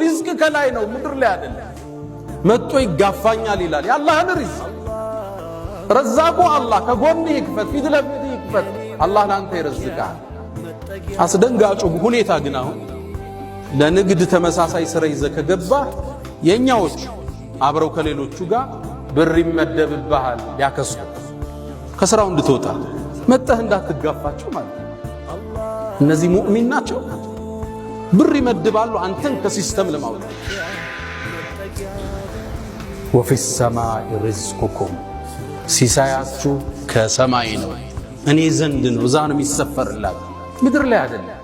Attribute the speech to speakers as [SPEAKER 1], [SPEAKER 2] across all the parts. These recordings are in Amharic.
[SPEAKER 1] ሪዝቅ ከላይ ነው፣ ምድር ላይ አይደለም። መጥቶ ይጋፋኛል ይላል። የአላህን ሪዝቅ ረዛቁ አላህ ከጎን ይክፈት፣ ፊት ለፊት ይክፈት። አላህ ለአንተ ይረዝቃል። አስደንጋጩ ሁኔታ ግን አሁን ለንግድ ተመሳሳይ ስራ ይዘ ከገባ የእኛዎቹ አብረው ከሌሎቹ ጋር ብር ይመደብብሃል። ያከሱ ከስራው እንድትወጣ መጠህ እንዳትጋፋቸው ማለት ነው። እነዚህ ሙእሚን ናቸው። ብር ይመድባሉ አንተን ከሲስተም ለማውጣት።
[SPEAKER 2] ወፊ ሰማይ ሪዝቁኩም ሲሳያችሁ ከሰማይ ነው፣ እኔ ዘንድ ነው። እዛ ነው የሚሰፈርላት፣ ምድር ላይ አይደለም።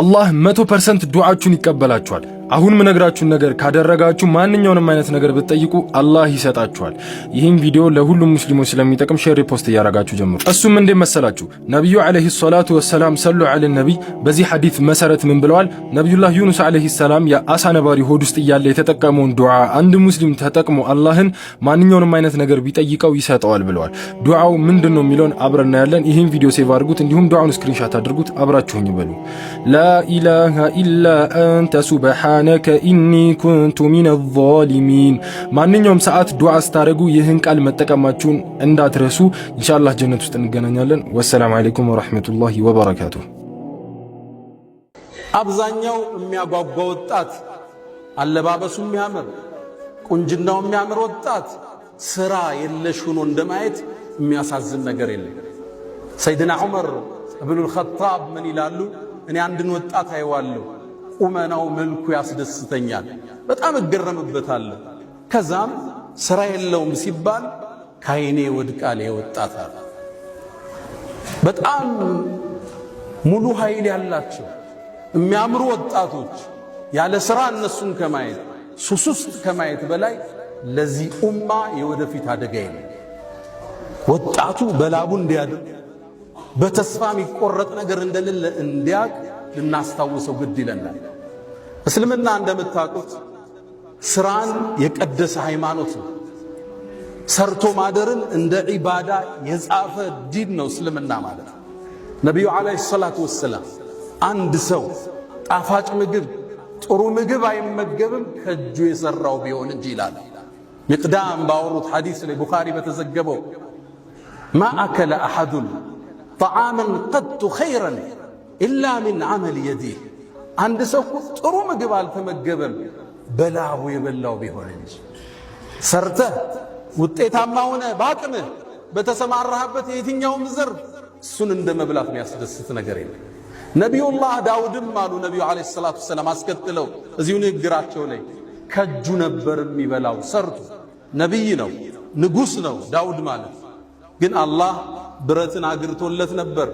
[SPEAKER 1] አላህ መቶ ፐርሰንት ዱዓችሁን ይቀበላችኋል። አሁን ምነግራችሁን ነገር ካደረጋችሁ ማንኛውንም አይነት ነገር ብትጠይቁ አላህ ይሰጣችኋል። ይህም ቪዲዮ ለሁሉም ሙስሊሞች ስለሚጠቅም ሼር ፖስት እያደረጋችሁ ጀምሩ። እሱም እንዴት መሰላችሁ? ነቢዩ ዓለይሂ ሰላቱ ወሰላም ሰሉ አለ ነቢይ በዚህ ሐዲት መሰረት ምን ብለዋል? ነቢዩላህ ዩኑስ ዓለይሂ ሰላም የአሳ ነባሪ ሆድ ውስጥ እያለ የተጠቀመውን ዱዓ አንድ ሙስሊም ተጠቅሞ አላህን ማንኛውንም አይነት ነገር ቢጠይቀው ይሰጠዋል ብለዋል። ዱዓው ምንድን ነው የሚለውን አብረን እናያለን። ይህም ቪዲዮ ሴቭ አድርጉት፣ እንዲሁም ዱዓውን ስክሪንሻት አድርጉት። አብራችሁኝ በሉ ላኢላሃ ኢላ አንተ ሱብሃ ሱብሓነከ ኢኒ ኩንቱ ሚነ ዛሊሚን። ማንኛውም ሰዓት ዱዓ ስታደርጉ ይህን ቃል መጠቀማችሁን እንዳትረሱ። ኢንሻአላህ ጀነት ውስጥ እንገናኛለን። ወሰላም አለይኩም ወራህመቱላሂ ወበረካቱ። አብዛኛው የሚያጓጓ ወጣት አለባበሱ የሚያምር ቁንጅናው የሚያምር ወጣት ስራ የለሽ ሆኖ እንደማየት የሚያሳዝን ነገር የለም። ሰይድና ዑመር እብኑል ኸጣብ ምን ይላሉ? እኔ አንድን ወጣት አይዋለሁ ቁመናው፣ መልኩ ያስደስተኛል፣ በጣም እገረምበታለሁ። ከዛም ስራ የለውም ሲባል ካይኔ ወድቃል የወጣታል። በጣም ሙሉ ኃይል ያላቸው የሚያምሩ ወጣቶች ያለ ስራ እነሱን ከማየት ሱስ ውስጥ ከማየት በላይ ለዚህ ኡማ የወደፊት አደጋ ነው። ወጣቱ በላቡ እንዲያድር በተስፋ የሚቆረጥ ነገር እንደሌለ እንዲያቅ ልናስታውሰው ግድ ይለናል። እስልምና እንደምታውቁት ስራን የቀደሰ ሃይማኖት ነው። ሰርቶ ማደርን እንደ ዒባዳ የጻፈ ዲን ነው እስልምና ማለት ነው። ነቢዩ ዓለይሂ ሰላቱ ወሰላም አንድ ሰው ጣፋጭ ምግብ፣ ጥሩ ምግብ አይመገብም ከእጁ የሰራው ቢሆን እንጂ ይላል። ሚቅዳም ባወሩት ሐዲስ ላይ ቡኻሪ በተዘገበው ማ አከለ አሐዱን ጠዓመን ቀጡ ኸይረን ኢላ ሚን አመል የዲህ አንድ ሰው ጥሩ ምግብ አልተመገበም በላቡ የበላው ቢሆን እንጂ ሰርተህ ውጤታማ ሆነ በአቅምህ በተሰማራህበት የትኛውም ዘርፍ እሱን እንደ መብላት የሚያስደስት ነገር የለም። ነቢዩላህ ዳውድም አሉ ነቢዩ ዓለይሂ ሰላቱ ወሰላም አስከትለው እዚሁ ንግግራቸው ላይ ከእጁ ነበር የሚበላው ሰርቶ ነቢይ ነው፣ ንጉሥ ነው ዳውድ ማለት ግን አላህ ብረትን አግርቶለት ነበር።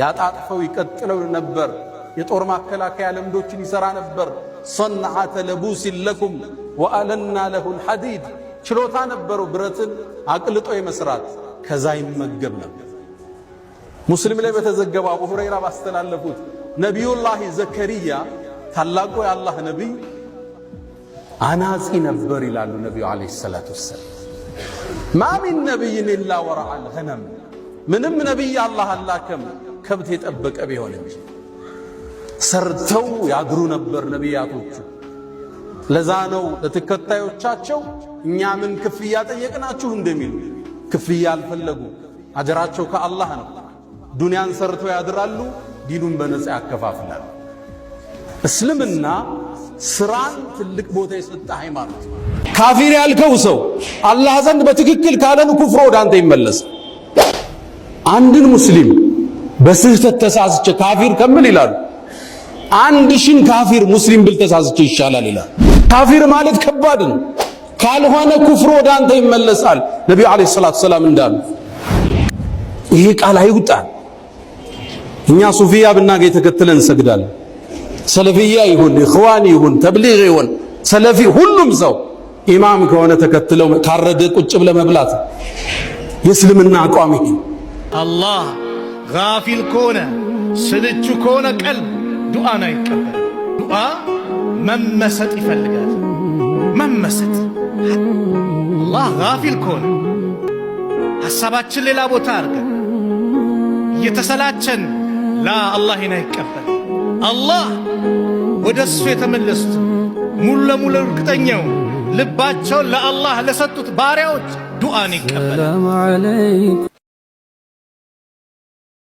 [SPEAKER 1] ያጣጥፈው ይቀጥለው ነበር። የጦር ማከላከያ ልምዶችን ይሰራ ነበር። ሰንዓተ ለቡሲን ለኩም ወአለና ለሁል ሐዲድ ችሎታ ነበረው ብረትን አቅልጦ የመስራት ከዛ ይመገብ ነበር። ሙስሊም ላይ በተዘገበ አቡ ሁረይራ ባስተላለፉት ነቢዩላህ ዘከሪያ ታላቁ የአላህ ነቢይ አናጺ ነበር ይላሉ ነቢዩ ዓለይሂ ሰላቱ ወሰላም። ማ ሚን ነቢይን ኢላ ወረዐል ገነም ምንም ነቢይ አላህ አላከም ከብት የጠበቀ ቢሆን እንጂ ሰርተው ያድሩ ነበር ነቢያቶቹ። ለዛ ነው ለተከታዮቻቸው እኛ ምን ክፍያ ጠየቅናችሁ እንደሚሉ ክፍያ አልፈለጉ። አጀራቸው ከአላህ ነው። ዱንያን ሰርተው ያድራሉ፣ ዲኑን በነፃ ያከፋፍላሉ። እስልምና ስራን ትልቅ ቦታ የሰጠ ሃይማኖት። ካፊር ያልከው ሰው አላህ ዘንድ በትክክል ካለን ኩፍሮ ወደ አንተ ይመለስ። አንድን ሙስሊም በስህተት ተሳስቼ ካፊር ከምል ይላሉ አንድ ሺን ካፊር ሙስሊም ብል ተሳስቼ ይሻላል ይላል። ካፊር ማለት ከባድ ነው። ካልሆነ ኩፍር ወደ አንተ ይመለሳል። ነቢዩ ዓለይሂ ሰላቱ ሰላም እንዳሉ ይሄ ቃል አይውጣል። እኛ ሱፊያ ብናገኝ ተከትለን እንሰግዳለን። ሰለፊያ ይሁን ኢኽዋን ይሁን ተብሊግ ይሁን ሰለፊ ሁሉም ሰው ኢማም ከሆነ ተከትለው ካረደ ቁጭ ብለ መብላት የእስልምና አቋም ይሄ
[SPEAKER 2] አላህ ጋፊል ከሆነ ስልቹ ከሆነ ቀልብ ዱዓን አይቀበል። ዱዓ መመሰጥ ይፈልጋል። መመሰጥ አላህ ጋፊል ከሆነ ሐሳባችን ሌላ ቦታ አድርገን እየተሰላቸን ላ አላህን አይቀበል። አላህ ወደ እሱ የተመለሱት ሙሉ ለሙሉ እርግጠኛው ልባቸውን ለአላህ ለሰጡት ባሪያዎች ዱዓን ይቀበላል።